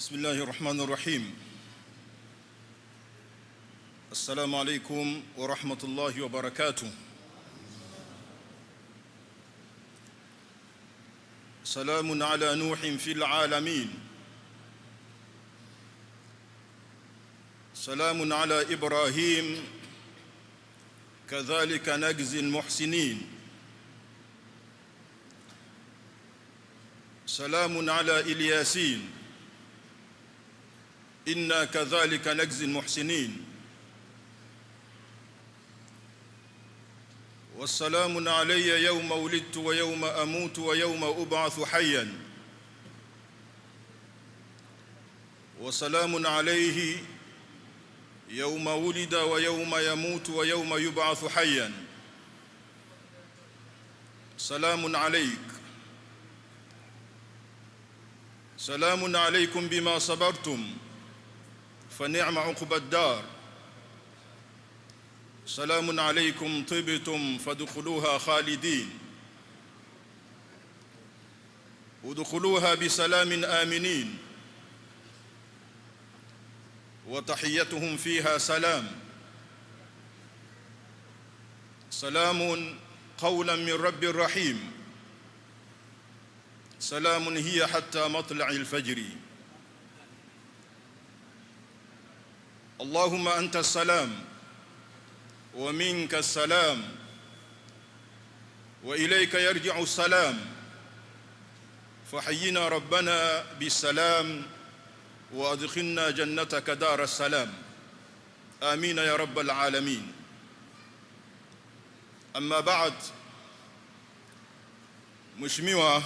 بسم الله الرحمن الرحيم السلام عليكم ورحمة الله وبركاته سلام على نوح في العالمين سلام على إبراهيم كذلك نجزي المحسنين سلام على إلياسين إنا كذلك نجزي المحسنين والسلام علي يوم ولدت ويوم أموت ويوم أبعث حيا وسلام عليه يوم ولد ويوم يموت ويوم يبعث حيا سلام عليك سلام عليكم بما صبرتم فنعم عقبى الدار سلام عليكم طبتم فادخلوها خالدين ادخلوها بسلام آمنين وتحيتهم فيها سلام سلام قولا من رب رحيم سلام هي حتى مطلع الفجر اللهم أنت السلام ومنك السلام وإليك يرجع السلام فحينا ربنا بالسلام وأدخلنا جنتك دار السلام آمين يا رب العالمين أما بعد مشميوه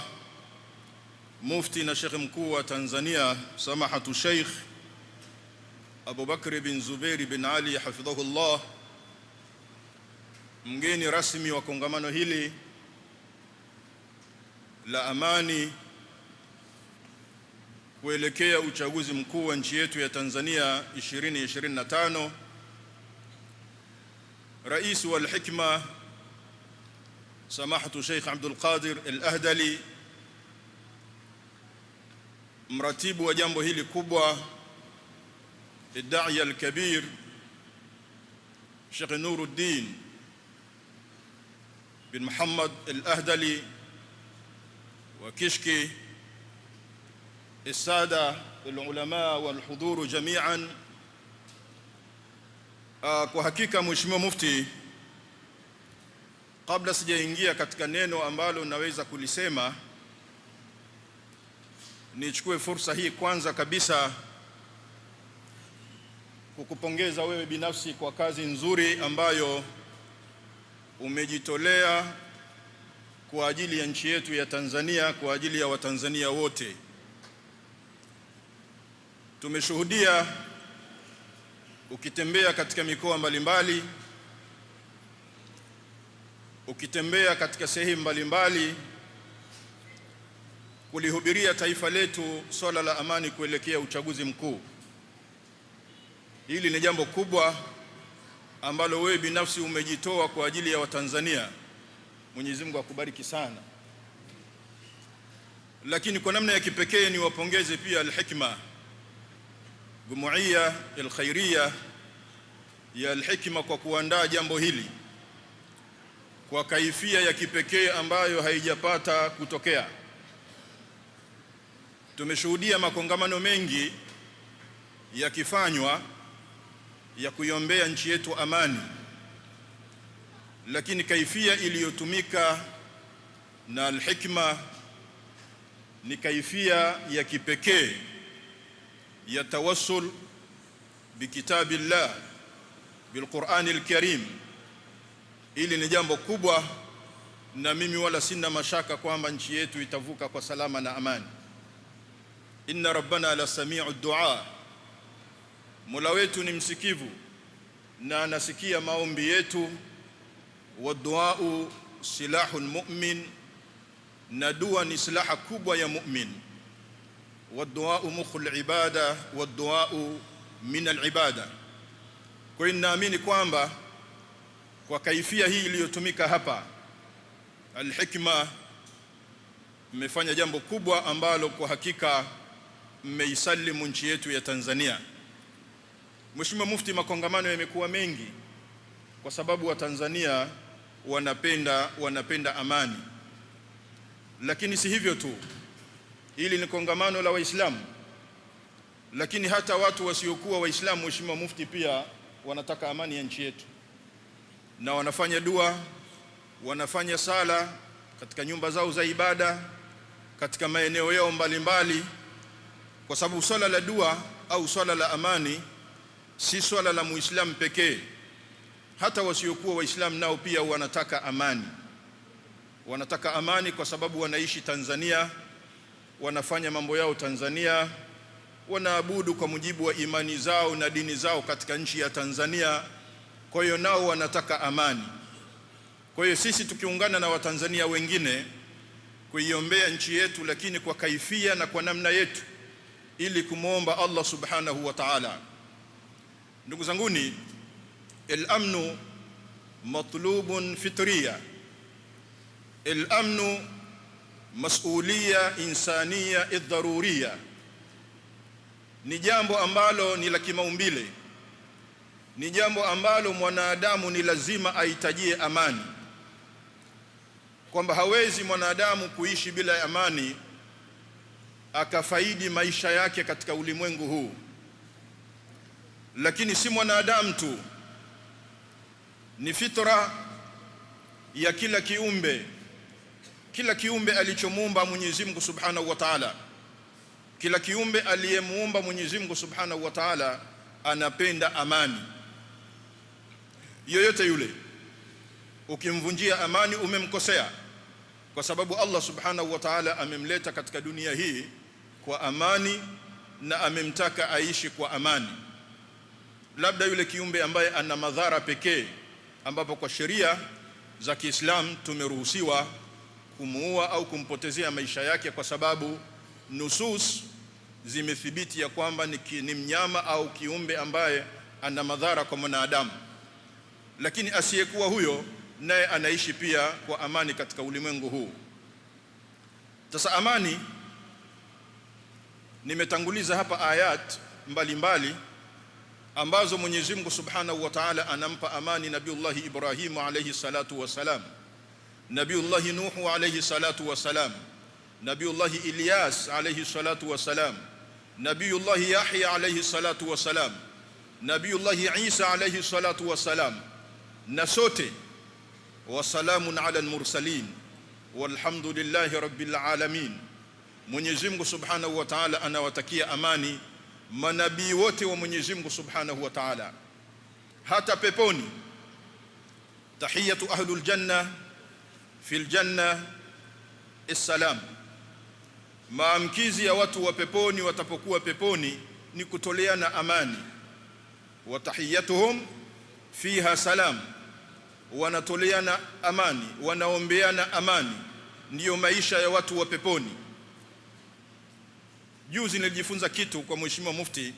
مفتي الشيخ مكوة تنزانيا سماحه الشيخ Abu Bakr bin Zubair bin Ali hafidhahullah, mgeni rasmi wa kongamano hili la amani kuelekea uchaguzi mkuu wa nchi yetu ya Tanzania 2025, Rais wa Hikma Samahatu Sheikh Abdul Qadir Al-Ahdali, mratibu wa jambo hili kubwa الداعية الكبير شيخ نور الدين بن محمد الأهدلي وكشكي السادة العلماء والحضور جميعا kwa hakika mheshimiwa mufti kabla sijaingia katika neno ambalo naweza kulisema nichukue fursa hii kwanza kabisa kukupongeza wewe binafsi kwa kazi nzuri ambayo umejitolea kwa ajili ya nchi yetu ya Tanzania, kwa ajili ya Watanzania wote. Tumeshuhudia ukitembea katika mikoa mbalimbali, ukitembea katika sehemu mbalimbali kulihubiria taifa letu swala la amani kuelekea uchaguzi mkuu. Hili ni jambo kubwa ambalo wewe binafsi umejitoa kwa ajili ya Watanzania. Mwenyezi Mungu akubariki sana. Lakini kwa namna ya kipekee niwapongeze pia Al-Hikma, jumuiya al ya al kwa kuandaa jambo hili kwa kaifia ya kipekee ambayo haijapata kutokea. Tumeshuhudia makongamano mengi yakifanywa ya kuiombea nchi yetu amani, lakini kaifia iliyotumika na alhikma ni kaifia ya kipekee ya tawassul bikitabillah bilqurani alkarim. Hili ni jambo kubwa, na mimi wala sina mashaka kwamba nchi yetu itavuka kwa salama na amani. Inna rabbana la samiu duaa Mola wetu ni msikivu na anasikia maombi yetu. Waduau silahul mu'min, na dua ni silaha kubwa ya mu'min. Waduau mukhul ibada, waduau min alibada. Kwa hiyo ninaamini kwamba kwa kaifia hii iliyotumika hapa Alhikma mmefanya jambo kubwa ambalo kwa hakika mmeisalimu nchi yetu ya Tanzania. Mheshimiwa Mufti, makongamano yamekuwa mengi kwa sababu Watanzania wanapenda, wanapenda amani, lakini si hivyo tu, hili ni kongamano la Waislamu, lakini hata watu wasiokuwa Waislamu, Mheshimiwa Mufti, pia wanataka amani ya nchi yetu na wanafanya dua, wanafanya sala katika nyumba zao za ibada, katika maeneo yao mbalimbali, kwa sababu swala la dua au swala la amani si swala la muislamu pekee, hata wasiokuwa waislamu nao pia wanataka amani. Wanataka amani kwa sababu wanaishi Tanzania, wanafanya mambo yao Tanzania, wanaabudu kwa mujibu wa imani zao na dini zao katika nchi ya Tanzania. Kwa hiyo nao wanataka amani. Kwa hiyo sisi tukiungana na Watanzania wengine kuiombea nchi yetu, lakini kwa kaifia na kwa namna yetu, ili kumwomba Allah subhanahu wa ta'ala Ndugu zanguni, al-amnu matlubun fitriya, al-amnu mas'uliyya insaniyya idharuriyya ni jambo ambalo ni la kimaumbile, ni jambo ambalo mwanadamu ni lazima ahitajie amani, kwamba hawezi mwanadamu kuishi bila amani akafaidi maisha yake katika ulimwengu huu lakini si mwanadamu tu, ni fitra ya kila kiumbe. Kila kiumbe alichomuumba Mwenyezi Mungu Subhanahu wa Ta'ala, kila kiumbe aliyemuumba Mwenyezi Mungu Subhanahu wa Ta'ala anapenda amani. Yoyote yule ukimvunjia amani umemkosea, kwa sababu Allah Subhanahu wa Ta'ala amemleta katika dunia hii kwa amani na amemtaka aishi kwa amani labda yule kiumbe ambaye ana madhara pekee, ambapo kwa sheria za Kiislamu tumeruhusiwa kumuua au kumpotezea maisha yake, kwa sababu nusus zimethibiti ya kwamba ni, ki, ni mnyama au kiumbe ambaye ana madhara kwa mwanadamu, lakini asiyekuwa huyo naye anaishi pia kwa amani katika ulimwengu huu. Sasa amani, nimetanguliza hapa ayat mbalimbali mbali, ambazo Mwenyezi Mungu Subhanahu wa Ta'ala anampa amani Nabiullahi Ibrahimu alayhi salatu wasalam, Nabiullahi Nuhu alayhi salatu wasalam, Nabiullahi Ilyas alayhi salatu wasalam, Nabiullahi Yahya alayhi salatu wasalam, Nabiullahi Isa alayhi salatu wasalam, na sote wasalamun ala almursalin walhamdulillahi rabbil alamin. Mwenyezi Mungu Subhanahu wa Ta'ala anawatakia amani manabii wote wa Mwenyezi Mungu Subhanahu wa Ta'ala, hata peponi. Tahiyatu ahlul janna fil janna assalam, maamkizi ya watu wa peponi watapokuwa peponi ni kutoleana amani. Wa tahiyatuhum fiha salam, wanatoleana amani, wanaombeana amani, ndiyo maisha ya watu wa peponi. Juzi nilijifunza kitu kwa Mheshimiwa Mufti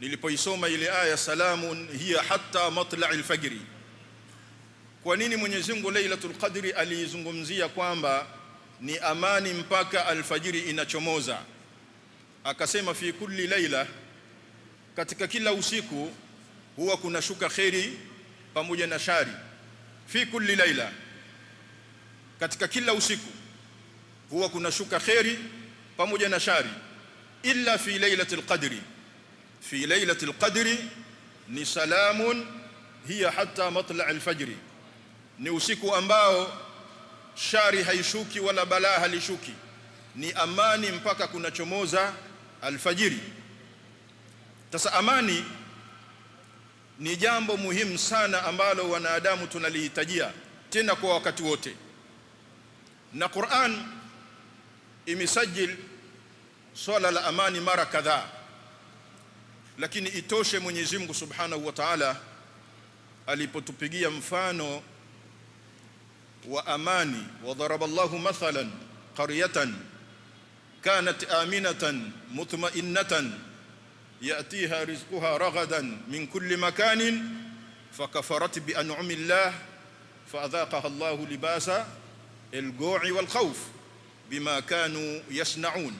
nilipoisoma ile aya salamun hiya hatta matla'il fajri. Kwa nini Mwenyezi Mungu Lailatul Qadri aliizungumzia kwamba ni amani mpaka alfajiri inachomoza? Akasema fi kulli laila, katika kila usiku huwa kuna shuka kheri pamoja na shari. Fi kulli laila, katika kila usiku huwa kuna shuka kheri pamoja na shari illa fi lailatul qadri fi lailatul qadri ni salamun hiya hatta matla alfajri, ni usiku ambao shari haishuki wala balaa halishuki, ni amani mpaka kunachomoza alfajiri. Sasa amani ni jambo muhimu sana ambalo wanadamu tunalihitajia tena kwa wakati wote, na Qur'an imesajili swala la amani mara kadhaa, lakini itoshe Mwenyezi Mungu Subhanahu wa Ta'ala alipotupigia mfano wa amani, wa daraba mathalan qaryatan kanat aminatan mutma'innatan yatiha rizquha ragadan min kulli makanin fakafarat bi an'ami llah faadhaqaha Allahu libasa al-ju'i wal khawf bima kanu yasnaun.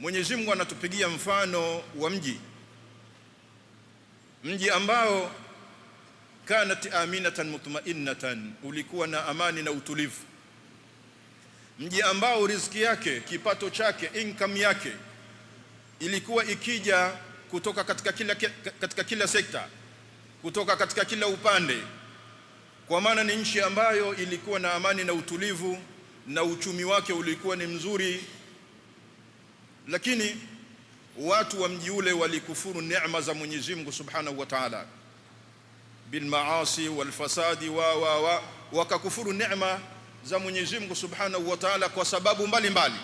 Mwenyezi Mungu anatupigia mfano wa mji mji ambao kanat aminatan mutmainnatan, ulikuwa na amani na utulivu, mji ambao riziki yake kipato chake income yake ilikuwa ikija kutoka katika kila, katika kila sekta kutoka katika kila upande, kwa maana ni nchi ambayo ilikuwa na amani na utulivu na uchumi wake ulikuwa ni mzuri, lakini watu wa mji ule walikufuru neema za Mwenyezi Mungu Subhanahu wa Ta'ala bil maasi wal fasadi wa wa wa, wakakufuru neema za Mwenyezi Mungu Subhanahu wa Ta'ala kwa sababu mbalimbali.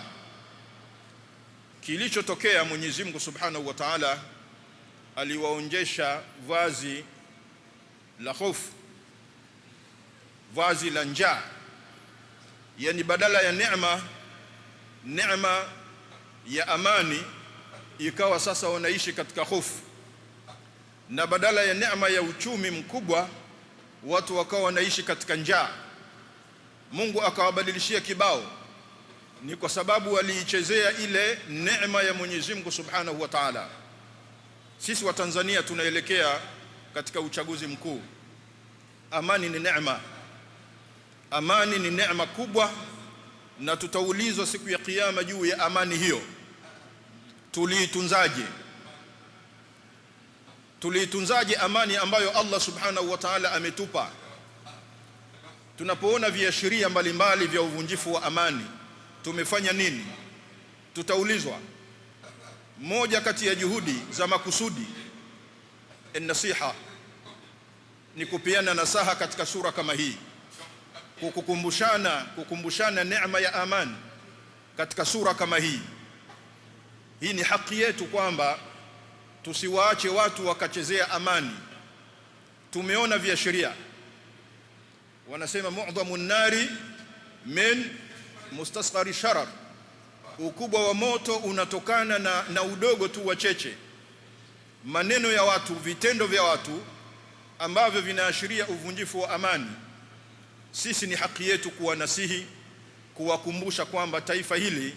Kilichotokea, Mwenyezi Mungu Subhanahu wa Ta'ala aliwaonjesha vazi la hofu, vazi la njaa yani badala ya neema neema ya amani ikawa sasa wanaishi katika hofu, na badala ya neema ya uchumi mkubwa watu wakawa wanaishi katika njaa. Mungu akawabadilishia kibao, ni kwa sababu waliichezea ile neema ya Mwenyezi Mungu Subhanahu wa Ta'ala. Sisi wa Tanzania tunaelekea katika uchaguzi mkuu. Amani ni neema Amani ni neema kubwa, na tutaulizwa siku ya Kiyama juu ya amani hiyo. Tuliitunzaje? Tuliitunzaje amani ambayo Allah subhanahu wa ta'ala ametupa? Tunapoona viashiria mbalimbali vya uvunjifu wa amani tumefanya nini? Tutaulizwa. Moja kati ya juhudi za makusudi nasiha ni kupeana nasaha katika sura kama hii kukumbushana kukumbushana neema ya amani katika sura kama hii. Hii ni haki yetu kwamba tusiwaache watu wakachezea amani. Tumeona viashiria, wanasema mu'dhamu nari min mustasghari sharar, ukubwa wa moto unatokana na, na udogo tu wa cheche. Maneno ya watu, vitendo vya watu ambavyo vinaashiria uvunjifu wa amani sisi ni haki yetu kuwanasihi, kuwakumbusha kwamba taifa hili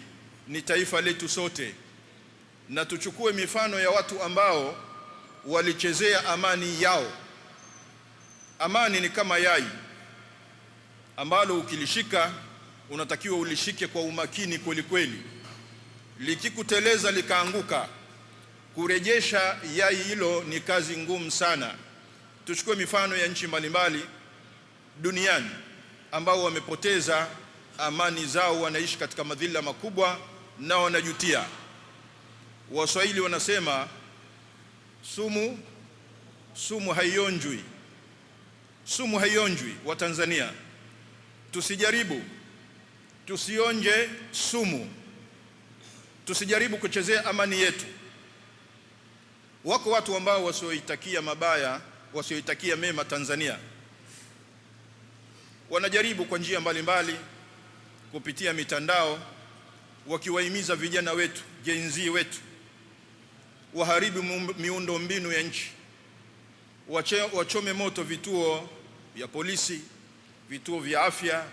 ni taifa letu sote, na tuchukue mifano ya watu ambao walichezea amani yao. Amani ni kama yai ambalo ukilishika unatakiwa ulishike kwa umakini kweli kweli, likikuteleza likaanguka, kurejesha yai hilo ni kazi ngumu sana. Tuchukue mifano ya nchi mbalimbali duniani ambao wamepoteza amani zao, wanaishi katika madhila makubwa na wanajutia. Waswahili wanasema sumu sumu haionjwi, sumu haionjwi. Wa Tanzania tusijaribu, tusionje sumu, tusijaribu kuchezea amani yetu. Wako watu ambao wasioitakia mabaya, wasioitakia mema Tanzania wanajaribu kwa njia mbalimbali kupitia mitandao wakiwahimiza vijana wetu jenzi wetu waharibu miundo mbinu ya nchi, wachome moto vituo vya polisi, vituo vya afya,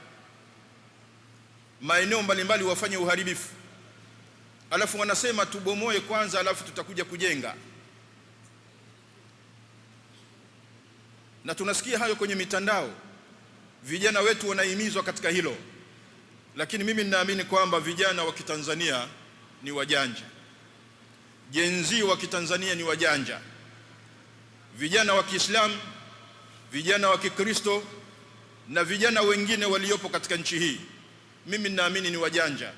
maeneo mbalimbali wafanye uharibifu, alafu wanasema tubomoe kwanza, alafu tutakuja kujenga. Na tunasikia hayo kwenye mitandao. Vijana wetu wanahimizwa katika hilo, lakini mimi ninaamini kwamba vijana wa Kitanzania ni wajanja, jenzi wa Kitanzania ni wajanja, vijana wa Kiislamu, vijana wa Kikristo na vijana wengine waliopo katika nchi hii, mimi ninaamini ni wajanja.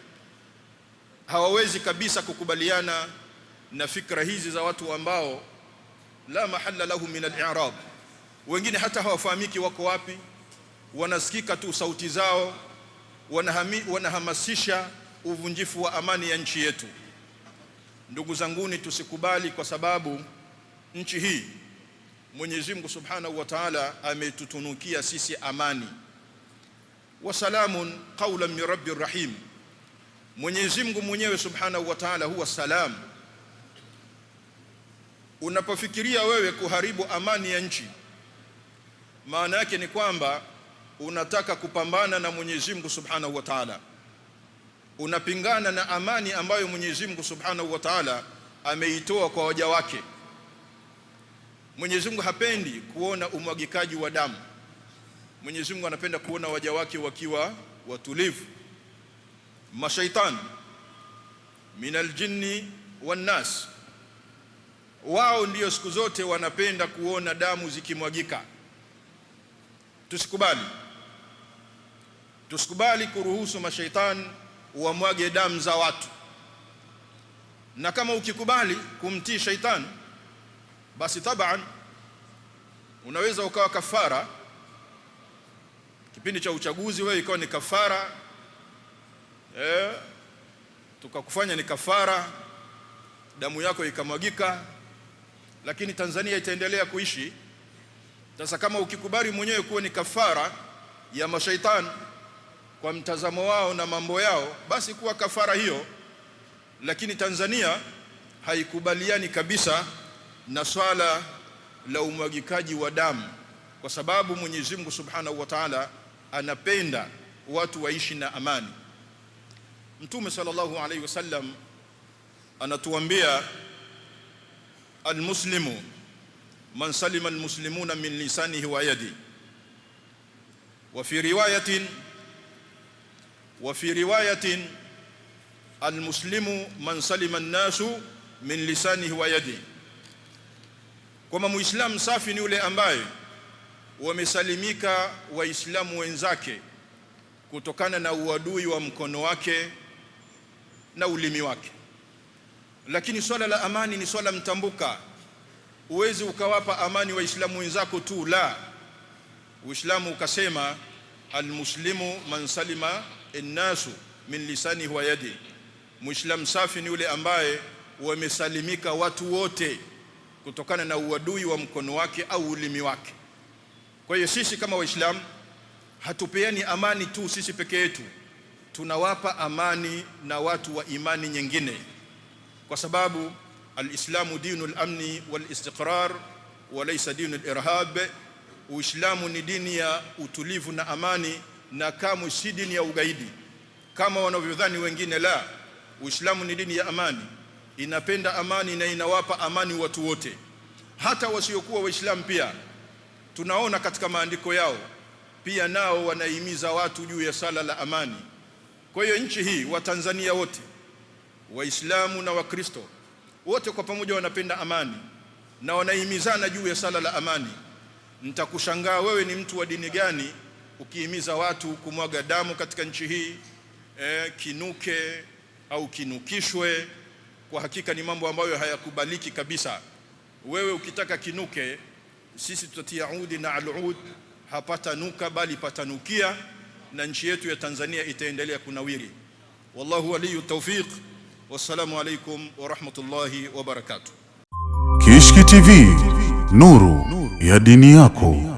Hawawezi kabisa kukubaliana na fikra hizi za watu ambao la mahalla lahu min al-i'rab, wengine hata hawafahamiki wako wapi wanasikika tu sauti zao, wanahami, wanahamasisha uvunjifu wa amani ya nchi yetu. Ndugu zanguni, tusikubali, kwa sababu nchi hii Mwenyezi Mungu Subhanahu wa Ta'ala ametutunukia sisi amani. Wasalamun qawlan min rabbir rahim, Mwenyezi Mungu mwenyewe Subhanahu wa Ta'ala huwa salam. Unapofikiria wewe kuharibu amani ya nchi, maana yake ni kwamba unataka kupambana na Mwenyezi Mungu Subhanahu wa Ta'ala, unapingana na amani ambayo Mwenyezi Mungu Subhanahu wa Ta'ala ameitoa kwa waja wake. Mwenyezi Mungu hapendi kuona umwagikaji wa damu. Mwenyezi Mungu anapenda kuona waja wake wakiwa watulivu. mashaitani min aljinni wan nas, wao ndio siku zote wanapenda kuona damu zikimwagika. Tusikubali. Tusikubali kuruhusu mashaitani wamwage damu za watu, na kama ukikubali kumtii shaitani, basi taban unaweza ukawa kafara kipindi cha uchaguzi, wewe ikawa ni kafara eh, tukakufanya ni kafara, damu yako ikamwagika, lakini Tanzania itaendelea kuishi. Sasa kama ukikubali mwenyewe kuwa ni kafara ya mashaitani kwa mtazamo wao na mambo yao, basi kuwa kafara hiyo. Lakini Tanzania haikubaliani kabisa na swala la umwagikaji wa damu, kwa sababu Mwenyezi Mungu Subhanahu wa Ta'ala anapenda watu waishi na amani. Mtume sallallahu alayhi wasallam anatuambia almuslimu man salima almuslimuna min lisanihi wa yadi wa fi riwayatin wa fi riwayatin almuslimu man salima an-nasu min lisanihi wa yadihi, kama muislamu safi ni yule ambaye wamesalimika waislamu wenzake kutokana na uadui wa mkono wake na ulimi wake. Lakini swala la amani ni swala mtambuka, uwezi ukawapa amani waislamu wenzako tu, la Uislamu ukasema almuslimu man salima innasu min lisani wa yadi. muislam safi ni yule ambaye wamesalimika watu wote kutokana na uadui wa mkono wake au ulimi wake. Kwa hiyo sisi kama Waislamu hatupeani amani tu sisi peke yetu, tunawapa amani na watu wa imani nyingine, kwa sababu alislamu dinu lamni walistiqrar walaysa dinu lirhab, Uislamu ni dini ya utulivu na amani na kamwe si dini ya ugaidi kama wanavyodhani wengine. La, Uislamu ni dini ya amani, inapenda amani na inawapa amani watu wote, hata wasiokuwa Waislamu pia. Tunaona katika maandiko yao pia nao wanahimiza watu juu ya sala la amani. Kwa hiyo nchi hii, Watanzania wote Waislamu na Wakristo wote kwa pamoja wanapenda amani na wanahimizana juu ya sala la amani. Nitakushangaa wewe ni mtu wa dini gani ukihimiza watu kumwaga damu katika nchi hii eh, kinuke au kinukishwe, kwa hakika ni mambo ambayo hayakubaliki kabisa. Wewe ukitaka kinuke, sisi tutatia udi na alud, hapata nuka bali patanukia, na nchi yetu ya Tanzania itaendelea kunawiri. Wallahu waliyu tawfiq. Wassalamu alaikum warahmatullahi wabarakatuh. Kishki TV, nuru ya dini yako.